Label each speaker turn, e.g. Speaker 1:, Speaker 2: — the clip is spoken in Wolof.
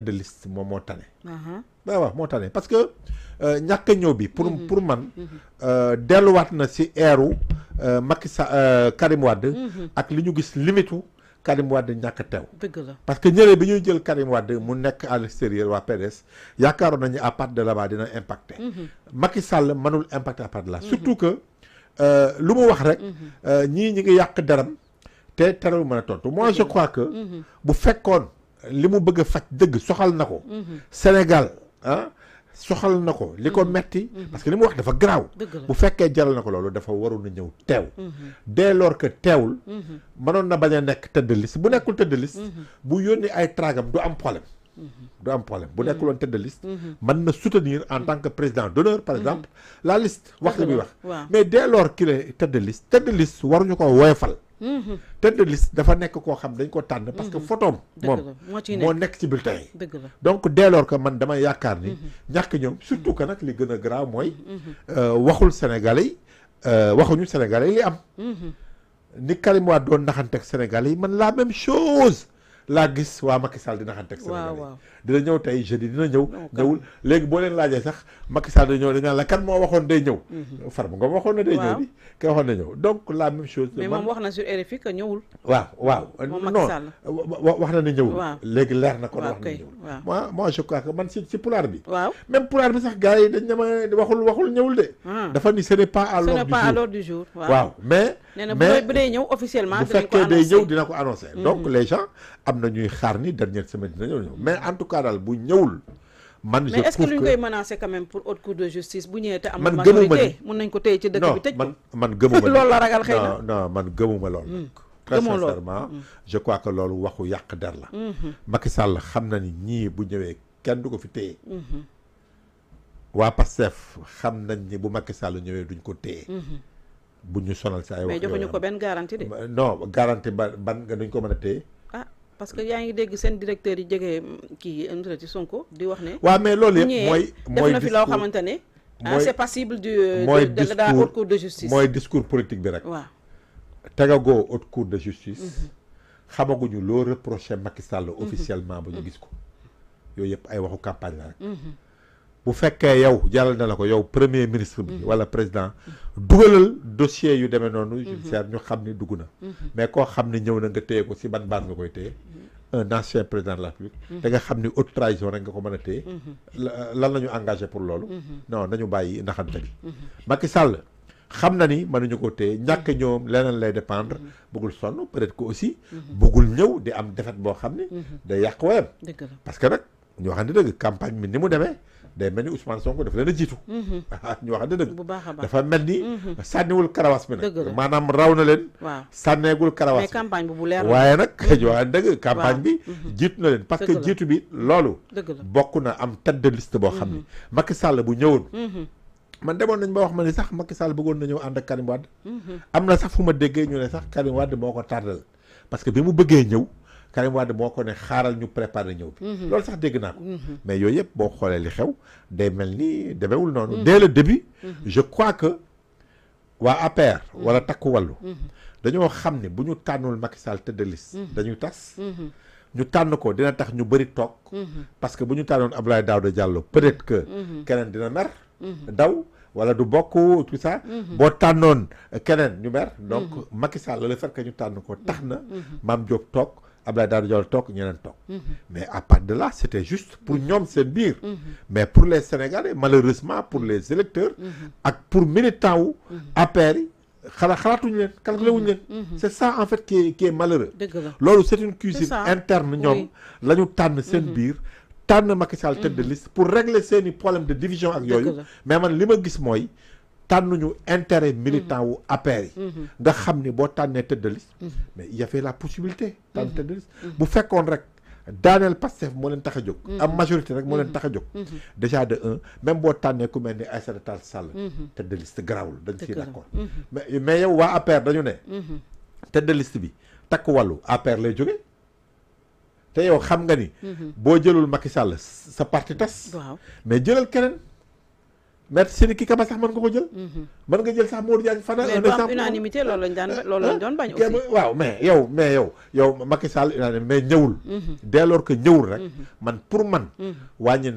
Speaker 1: de liste moom moo tane. waaw waaw moo tane parce euh, ñàkk ñëw bi. pour mhm. man. Mhm. Euh, delluwaat na si eeru euh, Macky Sall Karim Wade. Mhm. ak li ñu gis limitu Karim Wade ñàkk teew. dëgg la parce que ñële bi ñuy jël Karim mu nekk à l'extérieur waa PDS yaakaaroon nañu à part de là-bas dina impacté. Macky Sall mënul impacté à part de là. surtout que lu mu wax rek. ñii ñi ngi yàq daram te terewul mën a tontu. moi je crois que bu fekkoon. li mu bëgg a faj dëgg soxal na ko. Mhm. Sénégal ah soxal na ko. li ko mhm. metti mhm. parce que li mu wax dafa garaaw. bu fekkee jaral na ko loolu dafa waroon a ñëw teew. dès lors que teewul. mënoon na bañ a nekk tëdd liste bu nekkul tëdd liste. bu yónnee ay tragam du am problème. Mm-hmm. du am problème bu nekkuloon mm-hmm. tête de liste. Mm-hmm. mën na soutenir en tant que président d'honneur par exemple. la liste wax li muy wax. mais dès lors qu'il est tête de liste. tête de liste waruñu ko woyofal. tête de liste dafa nekk koo xam dañ ko tànn. parce que photom moom moo nekk ci bulletin yi. donc dès lors man dama yaakaar ni. ñàkk ñoom surtout que nag li gën a grave mooy. Euh, waxul Sénégalais yi euh, waxuñu Sénégalais yi li am. ni Karim Wade doon naxanteeg Sénégalais yi man la même chose. laa gis waa Macky Sall dina xanteeg Sénégalais dina ñëw tey jeudi dina ñëw ñëwul léegi boo leen laajee sax Macky Sall dina ñëw dañ la kan moo waxoon day ñëw mhm. Farba Ngom waxoon na day ñëw bi ke waxoon na ñëw donc la même chose mais moom
Speaker 2: wax na sur RFI que ñëwul
Speaker 1: waaw wax na ne ñëwul léegi leer na kon wax na ñëwul moi moi je crois que man si si pulaar bi waaw même pulaar bi sax gars yi dañ dama waxul waxul ñëwul de ah. dafa ni ce n'est pas à l'ordre
Speaker 2: du jour waaw mais nee na bu dee ñëw officiellement bu fekkee day ñëw
Speaker 1: dina ko annoncé donc mhm. les gens am na ñuy xaar ni dernière semaine dina ñëw mais en tout cas daal bu ñëwul. man je trouve que mais est-ce que lu ñu koy
Speaker 2: menacer quand même pour haute cour de justice bu ñëwee te am. man gëmuma ni mun nañ
Speaker 1: man gëmuma loolu la ragal xëy na non man gëmuma loolu. Hmm. très sincèrement hmm. je crois que loolu waxu yàq der la. Hmm. Macky Sall xam na ni ñii bu ñëwee kenn du ko fi téye. waa Pastef xam nañ ni bu Macky Sall ñëwee duñ ko téye. bu ñu sonal si ay wax mais joxuñu ko benn garantie de. non garantie ba ban nga duñ ko mën a téye.
Speaker 2: parce que yaa ngi dégg seen directeur yi jege mm, kii ci Sonko di wax ne. waa mais loolu yëpp mooy mooy def na fi loo xamante ne. Ah, mooy c'est passible du de la haute cour de discours politique bi rek. waaw
Speaker 1: tegagoo haute cour de justice. Mm-hmm. xamaguñu loo reproché Macky Sall mm-hmm. officiellement ba ñu mm-hmm. gis ko. yooyu yëpp ay waxu campagne la rek. bu fekkee yow jàllal na la ko yow premier ministre bi wala président dugalal dossier yu demee noonu judiciaire ñu xam ni dugg na mais koo xam ne ñëw na nga téye si ban base nga un ancien président de la République. te mhm. nga xam ni haute trahison rek nga ko mën a téye. Mhm. lan ñu engagé pour loolu. Mhm. non nañu bàyyi naxante bi. Macky Sall xam na ni mënuñu ko téye ñàkk ñoom leneen lay dépendre. bëggul sonn peut-être que aussi. bëggul ñëw di am défaite boo xam ni. day yàq wayam parce que nag ñu waxante dëgg campagne bi ni mu demee. day mel ni Ousmane Sonko daf leen a jiitu. Mhm. ñu waxante a bu baax a baax dafa mel ni. Mhm. sànniwul karawaas bi nag. maanaam raw na leen. waaw sànneegul karawaas bi mais
Speaker 2: campagne bu bu leer waaye nag
Speaker 1: ñu waxante dëgg campagne bi. Mhm. jiitu na leen parce jiitu bi loolu. bokk na am tête de liste boo xam ni. Macky Sall bu ñëwoon. man demoon nañ ba wax ma ni sax Macky Sall bëggoon na ñëw ànd ak Karim Wade. am na sax fu ma déggee ñu ne sax Karim moo ko tardal parce bi mu bëggee ñëw. Karim Wade moo ko ne xaaral ñu préparer ñëw bi mhm. loolu sax dégg naa ko mhm. mais yooyu yëpp boo xoolee li xew day mel ni demewul noonu mhm. dès le début je crois que waa APR wala takku wàllu dañoo xam ne bu ñu tànnul Macky Sall tête de liste dañuy tas ñu tànn ko dina tax ñu bëri toog parce que bu ñu tànnoon Abdoulaye Daouda Diallo peut-être que keneen dina mer daw wala du bokk tout ça boo tànnoon keneen ñu mer donc Macky Sall le fait ñu tànn ko tax na maam Diop toog Abdoulaye Daouda Diallo toog ñeneen toog mhm. mais à de là c'était juste pour mhm. ñoom seen biir mhm. mais pour les Sénégalais malheureusement pour les électeurs ak pour militants wu APR yi xala xalaatuñu leen calculé wuñu leen c'est ça en fait qui est qui est malheureux loolu c'est une cuisine interne ñoom la tànn seen biir tànn Macky Sall tête de liste pour régler seeni problème de division ak yooyu mais man li ma gis mooy tànnuñu intérêt mhm. militant wu APR yi mhm. nga xam ni boo tànnee tête de liste mhm. mais il y avait la possibilité tànn tête de liste bu fekkoon rek daaneel Pastef moo leen tax a jóg am majorité rek moo leen tax a jóg déjà de un même boo tànnee ku mel ni Aïssata Tall Sall tête de liste garawul dañ siy d'accord mais mais waa APR dañu ne tête de bi takk wàllu APR lay jóge te yow xam nga ni boo jëlul Macky Sall sa parti mais jëlal keneen maître Sidiki Kaba sax mën nga ko jël. Mhm. mën nga jël sax Modou Diagne Fada. un exemple mais du am unanimité loolu lañ bañ. aussi waaw mais yow mais yow yow Macky Sall unanimité mais ñëwul. Mhm. dès lors ñëwul rek. Mhm. man pour man wàññi na.